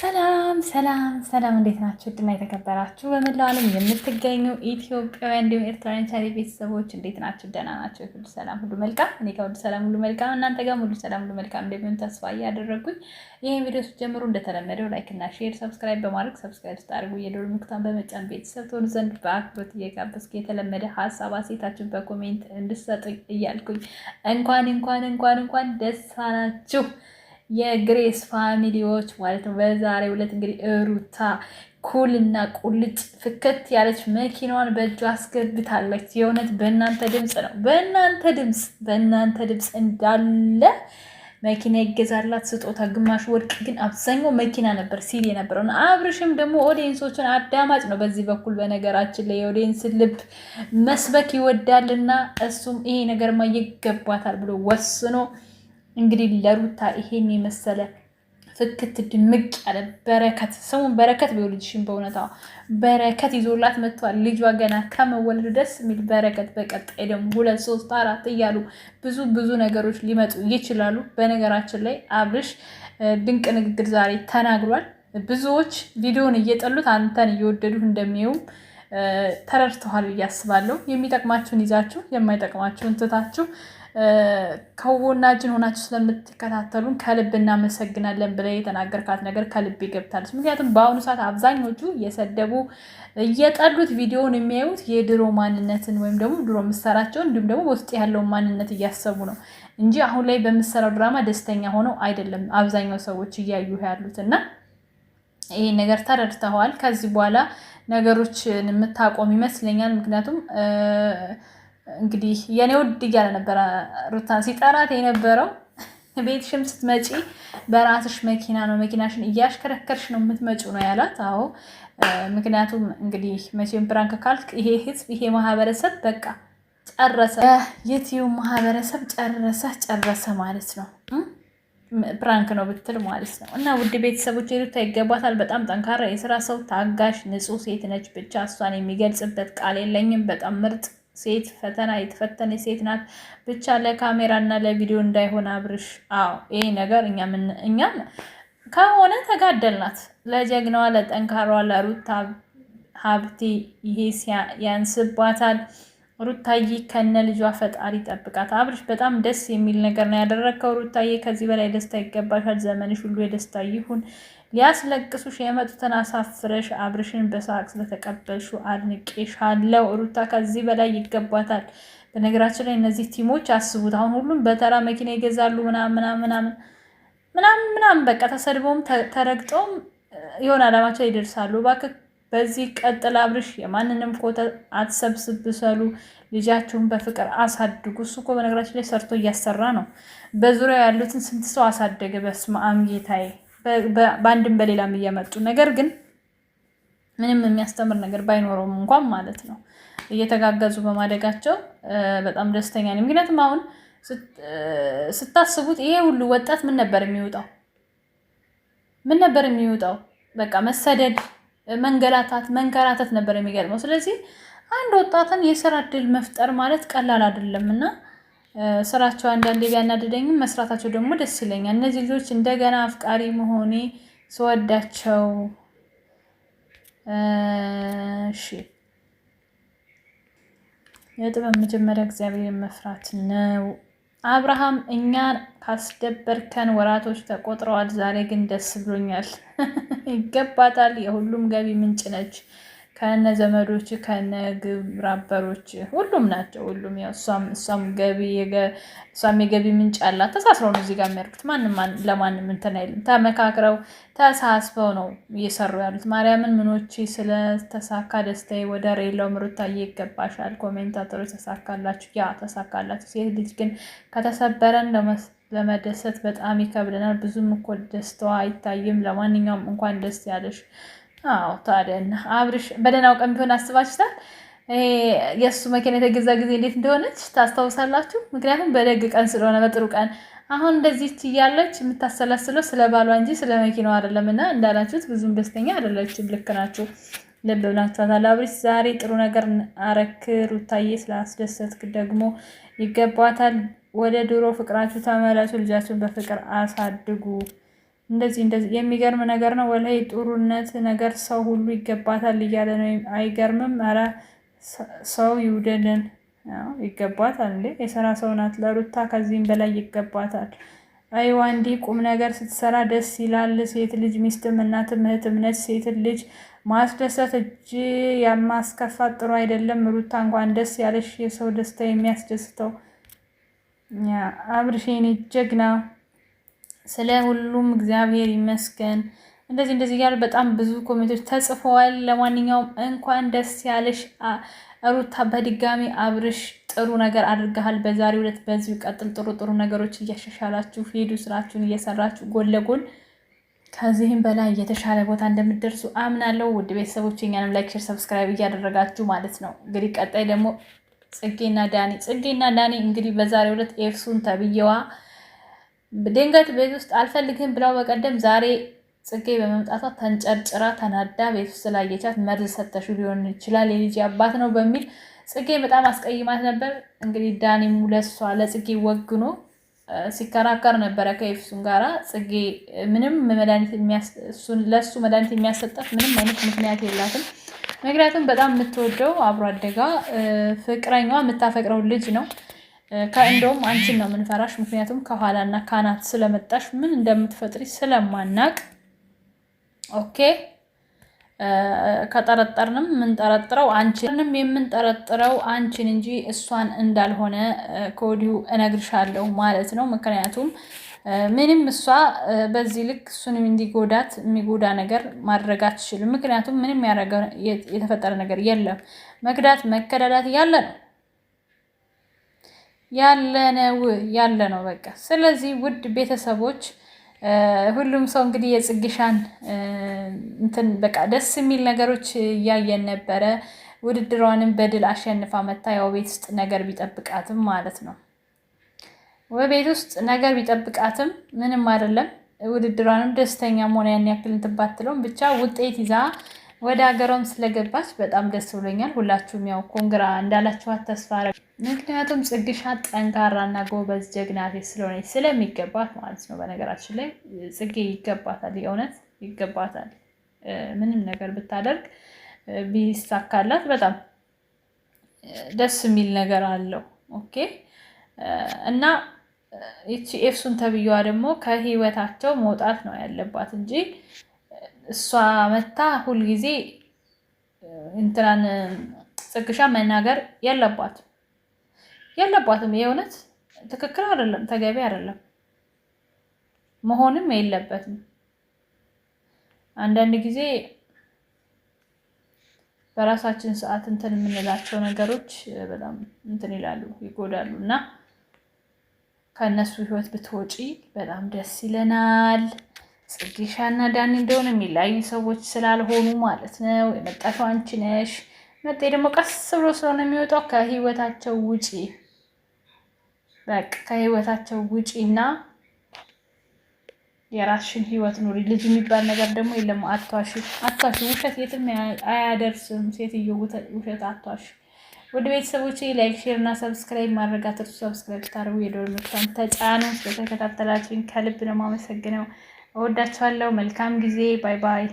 ሰላም ሰላም ሰላም፣ እንዴት ናችሁ? ውድና የተከበራችሁ በመላው ዓለም የምትገኙ ኢትዮጵያውያን እንዲሁም ኤርትራውያን ቻሪ ቤተሰቦች እንዴት ናችሁ? ደህና ናቸው? ሁሉ ሰላም ሁሉ መልካም፣ እኔ ጋር ሁሉ ሰላም ሁሉ መልካም፣ እናንተ ጋር ሁሉ ሰላም ሁሉ መልካም እንደሚሆን ተስፋ እያደረጉኝ ይህን ቪዲዮ ስትጀምሩ እንደተለመደው ላይክ እና ሼር፣ ሰብስክራይብ በማድረግ ሰብስክራይብ ስታደርጉ የደወል ምልክቱን በመጫን ቤተሰብ ትሆኑ ዘንድ በአክብሮት እየጋበዝኩ የተለመደ ሀሳብ አሴታችሁን በኮሜንት እንድሰጡኝ እያልኩኝ እንኳን እንኳን እንኳን እንኳን ደስ አላችሁ የግሬስ ፋሚሊዎች ማለት ነው። በዛሬው ዕለት እንግዲህ ሩታ ኩልና ቁልጭ ፍከት ያለች መኪናዋን በእጁ አስገብታለች። የእውነት በእናንተ ድምፅ ነው፣ በእናንተ ድምፅ፣ በእናንተ ድምፅ እንዳለ መኪና ይገዛላት ስጦታ፣ ግማሽ ወርቅ ግን አብዛኛው መኪና ነበር ሲል የነበረው ነው። አብርሽም ደግሞ ኦዲየንሶችን አዳማጭ ነው በዚህ በኩል በነገራችን ላይ የኦዲየንስ ልብ መስበክ ይወዳልና እሱም ይሄ ነገርማ ይገባታል ብሎ ወስኖ እንግዲህ ለሩታ ይሄን የመሰለ ፍክት ድምቅ ያለ በረከት ስሙን በረከት ቢሆን በእውነታ በረከት ይዞላት መጥቷል። ልጇ ገና ከመወለዱ ደስ የሚል በረከት። በቀጣይ ደግሞ ሁለት ሶስት አራት እያሉ ብዙ ብዙ ነገሮች ሊመጡ ይችላሉ። በነገራችን ላይ አብርሽ ድንቅ ንግግር ዛሬ ተናግሯል። ብዙዎች ቪዲዮን እየጠሉት አንተን እየወደዱ እንደሚየውም ተረድተዋል ብዬ አስባለሁ። የሚጠቅማችሁን ይዛችሁ የማይጠቅማችሁን ትታችሁ ከጎናችን ሆናችሁ ስለምትከታተሉን ከልብ እናመሰግናለን ብለ የተናገርካት ነገር ከልብ ይገብታለች። ምክንያቱም በአሁኑ ሰዓት አብዛኞቹ እየሰደቡ እየጠሉት ቪዲዮውን የሚያዩት የድሮ ማንነትን ወይም ደግሞ ድሮ ምሰራቸውን እንዲሁም ደግሞ በውስጥ ያለውን ማንነት እያሰቡ ነው እንጂ አሁን ላይ በምሰራው ድራማ ደስተኛ ሆነው አይደለም አብዛኛው ሰዎች እያዩ ያሉት እና ይህ ነገር ተረድተዋል። ከዚህ በኋላ ነገሮችን የምታቆም ይመስለኛል። ምክንያቱም እንግዲህ የኔ ውድ እያለ ነበረ ሩታን ሲጠራት የነበረው። ቤትሽም ስትመጪ በራስሽ መኪና ነው መኪናሽን እያሽከረከርሽ ነው የምትመጪው ነው ያላት። አዎ ምክንያቱም እንግዲህ መቼም ፕራንክ ካልክ ይሄ ህዝብ ይሄ ማህበረሰብ በቃ ጨረሰ፣ የትዩ ማህበረሰብ ጨረሰ ጨረሰ ማለት ነው። ፕራንክ ነው ብትል ማለት ነው። እና ውድ ቤተሰቦች ሩታ ይገባታል። በጣም ጠንካራ የስራ ሰው፣ ታጋሽ፣ ንጹህ ሴት ነች። ብቻ እሷን የሚገልጽበት ቃል የለኝም። በጣም ምርጥ ሴት፣ ፈተና የተፈተነ ሴት ናት። ብቻ ለካሜራ እና ለቪዲዮ እንዳይሆን አብርሽ። አዎ ይሄ ነገር እኛ ከሆነ ተጋደልናት። ለጀግናዋ፣ ለጠንካሯ ለሩታ ሀብቴ ይሄ ያንስባታል። ሩታዬ ከነ ልጇ ፈጣሪ ጠብቃት። አብርሽ በጣም ደስ የሚል ነገር ነው ያደረግከው። ሩታዬ ከዚህ በላይ ደስታ ይገባሻል። ዘመንሽ ሁሉ የደስታ ይሁን። ሊያስለቅሱሽ የመጡትን አሳፍረሽ አብርሽን በሳቅ ስለተቀበልሹ አድንቄሻለሁ። ሩታ ከዚህ በላይ ይገባታል። በነገራችን ላይ እነዚህ ቲሞች አስቡት፣ አሁን ሁሉም በተራ መኪና ይገዛሉ ምናምናምናምን ምናምን ምናምን በቃ ተሰድበውም ተረግጠውም የሆነ አላማቸው ይደርሳሉ። እባክህ በዚህ ቀጥል አብርሽ። የማንንም ኮተ አትሰብስብ፣ ሰሉ ልጃችሁን በፍቅር አሳድጉ። እሱ እኮ በነገራችን ላይ ሰርቶ እያሰራ ነው። በዙሪያው ያሉትን ስንት ሰው አሳደገ። በስመ አብ ጌታዬ፣ በአንድም በሌላም እየመጡ ነገር ግን ምንም የሚያስተምር ነገር ባይኖረውም እንኳን ማለት ነው እየተጋገዙ በማደጋቸው በጣም ደስተኛ ነኝ። ምክንያቱም አሁን ስታስቡት ይሄ ሁሉ ወጣት ምን ነበር የሚወጣው? ምን ነበር የሚወጣው? በቃ መሰደድ መንገላታት፣ መንከራተት ነበር የሚገርመው ስለዚህ አንድ ወጣትን የስራ እድል መፍጠር ማለት ቀላል አይደለም እና ስራቸው አንዳንዴ ቢያናድደኝም መስራታቸው ደግሞ ደስ ይለኛል። እነዚህ ልጆች እንደገና አፍቃሪ መሆኔ ስወዳቸው እሺ የጥበብ መጀመሪያ እግዚአብሔር መፍራት ነው። አብርሃም እኛን ካስደበርከን ወራቶች ተቆጥረዋል። ዛሬ ግን ደስ ብሎኛል። ይገባታል። የሁሉም ገቢ ምንጭ ነች። ከነ ዘመዶች ከነ ግብር አበሮች ሁሉም ናቸው። ሁሉም እሷም የገቢ ምንጭ አላት። ተሳስረው ነው እዚጋ የሚያርጉት። ማንም ለማንም እንትን አይልም። ተመካክረው ተሳስበው ነው እየሰሩ ያሉት። ማርያምን ምኖች ስለተሳካ ደስታዬ ወደር የለውም። ሩታዬ ይገባሻል። ኮሜንታተሮ ተሳካላችሁ፣ ያ ተሳካላችሁ። ሴት ልጅ ግን ከተሰበረን ለመደሰት በጣም ይከብደናል። ብዙም እኮ ደስታዋ አይታይም። ለማንኛውም እንኳን ደስ ያለሽ አዎ ታዲያ አብርሽ በደህናው ቀን ቢሆን አስባችሁታል? የእሱ መኪና የተገዛ ጊዜ እንዴት እንደሆነች ታስታውሳላችሁ። ምክንያቱም በደግ ቀን ስለሆነ በጥሩ ቀን አሁን እንደዚች እያለች የምታሰላስለው ስለ ባሏ እንጂ ስለ መኪናው አይደለም። እና እንዳላችሁት ብዙም ደስተኛ አይደለችም። ልክ ናችሁ፣ ልብ ብላችኋታል። አብርሽ ዛሬ ጥሩ ነገር አረክ። ሩታዬ ስላስደሰትክ ደግሞ ይገባታል። ወደ ድሮ ፍቅራችሁ ተመለሱ። ልጃችሁን በፍቅር አሳድጉ። እንደዚህ እንደዚህ የሚገርም ነገር ነው። ወላይ ጥሩነት ነገር ሰው ሁሉ ይገባታል እያለ ነው። አይገርምም? ኧረ ሰው ይውደልን። ይገባታል እንዴ! የስራ ሰው ናት ለሩታ፣ ከዚህም በላይ ይገባታል። አይዋ እንዲህ ቁም ነገር ስትሰራ ደስ ይላል። ሴት ልጅ ሚስትም፣ እናትም፣ እህትም ነች። ሴት ልጅ ማስደሰት እጅ የማስከፋት ጥሩ አይደለም። ሩታ እንኳን ደስ ያለሽ። የሰው ደስታ የሚያስደስተው አብርሽን ጀግና ስለ ሁሉም እግዚአብሔር ይመስገን። እንደዚህ እንደዚህ እያሉ በጣም ብዙ ኮሜንቶች ተጽፈዋል። ለማንኛውም እንኳን ደስ ያለሽ ሩታ፣ በድጋሚ አብርሽ፣ ጥሩ ነገር አድርገሃል። በዛሬው ዕለት በዚሁ ቀጥል። ጥሩ ጥሩ ነገሮች እያሻሻላችሁ ሄዱ። ስራችሁን እየሰራችሁ ጎን ለጎን ከዚህም በላይ የተሻለ ቦታ እንደምትደርሱ አምናለሁ። ውድ ቤተሰቦች እኛንም ላይክ፣ ሼር፣ ሰብስክራይብ እያደረጋችሁ ማለት ነው። እንግዲህ ቀጣይ ደግሞ ጽጌና ዳኒ ጽጌና ዳኒ እንግዲህ በዛሬው ዕለት ኤፍሱን ተብዬዋ ድንገት ቤት ውስጥ አልፈልግህም ብላው በቀደም ዛሬ ጽጌ በመምጣቷ ተንጨርጭራ ተናዳ ቤት ውስጥ ስላየቻት መርዝ ሰተሹ ሊሆን ይችላል የልጅ አባት ነው በሚል ጽጌ በጣም አስቀይማት ነበር። እንግዲህ ዳኒም ለሷ ለጽጌ ወግኖ ሲከራከር ነበረ ከኤፍሱን ጋራ። ጽጌ ምንም ለእሱ መድኃኒት የሚያሰጠት ምንም አይነት ምክንያት የላትም። ምክንያቱም በጣም የምትወደው አብሮ አደጋ ፍቅረኛዋ የምታፈቅረው ልጅ ነው። እንደውም አንቺን ነው የምንፈራሽ። ምክንያቱም ከኋላና ካናት ስለመጣሽ ምን እንደምትፈጥሪ ስለማናቅ። ኦኬ ከጠረጠርንም የምንጠረጥረው አንቺንም የምንጠረጥረው አንቺን እንጂ እሷን እንዳልሆነ ከወዲሁ እነግርሻለሁ ማለት ነው። ምክንያቱም ምንም እሷ በዚህ ልክ እሱን እንዲጎዳት የሚጎዳ ነገር ማድረግ አትችልም። ምክንያቱም ምንም የተፈጠረ ነገር የለም። መግዳት መከዳዳት እያለ ነው። ያለነው ያለ ነው በቃ። ስለዚህ ውድ ቤተሰቦች ሁሉም ሰው እንግዲህ የጽግሻን እንትን በቃ ደስ የሚል ነገሮች እያየን ነበረ። ውድድሯንም በድል አሸንፋ መታ። ያው ቤት ውስጥ ነገር ቢጠብቃትም ማለት ነው በቤት ውስጥ ነገር ቢጠብቃትም ምንም አይደለም። ውድድሯንም ደስተኛ መሆን ያን ያክል ብቻ ውጤት ይዛ ወደ ሀገሯም ስለገባች በጣም ደስ ብሎኛል። ሁላችሁም ያው ኮንግራ እንዳላችኋት ተስፋ ምክንያቱም ጽግሻ እና ጎበዝ ጀግና ሴት ስለሆነች ስለሚገባት ማለት ነው። በነገራችን ላይ ጽጌ ይገባታል፣ የእውነት ይገባታል። ምንም ነገር ብታደርግ ቢሳካላት በጣም ደስ የሚል ነገር አለው። ኦኬ እና ይቺ ኤፍሱን ተብዬዋ ደግሞ ከህይወታቸው መውጣት ነው ያለባት እንጂ እሷ መታ ሁልጊዜ እንትናን ጽግሻ መናገር የለባት የለባትም። የእውነት ትክክል አይደለም፣ ተገቢ አይደለም፣ መሆንም የለበትም። አንዳንድ ጊዜ በራሳችን ሰዓት እንትን የምንላቸው ነገሮች በጣም እንትን ይላሉ፣ ይጎዳሉ እና ከእነሱ ህይወት ብትወጪ በጣም ደስ ይለናል። ጽጌሻ ጽጌሻና ዳኒ እንደሆነ የሚለያዩ ሰዎች ስላልሆኑ ማለት ነው። የመጣሽው አንቺ ነሽ። መጤ ደግሞ ቀስ ብሎ ስለሆነ የሚወጣው ከህይወታቸው ውጪ በቃ ከህይወታቸው ውጪ እና የራስሽን ህይወት ኑሪ። ልጅ የሚባል ነገር ደግሞ የለም። አቷሽ አቷሽ ውሸት የትም አያደርስም። ሴትዮ ውሸት አቷሽ። ወደ ቤተሰቦች ላይክ፣ ሼር እና ሰብስክራይብ ማድረግ አትርሱ። ሰብስክራይብ ታደርጉ የደወል ምልክቱን ተጫኑ። ስለተከታተላችሁኝ ከልብ ነው የማመሰግነው። እወዳችኋለሁ። መልካም ጊዜ። ባይ ባይ።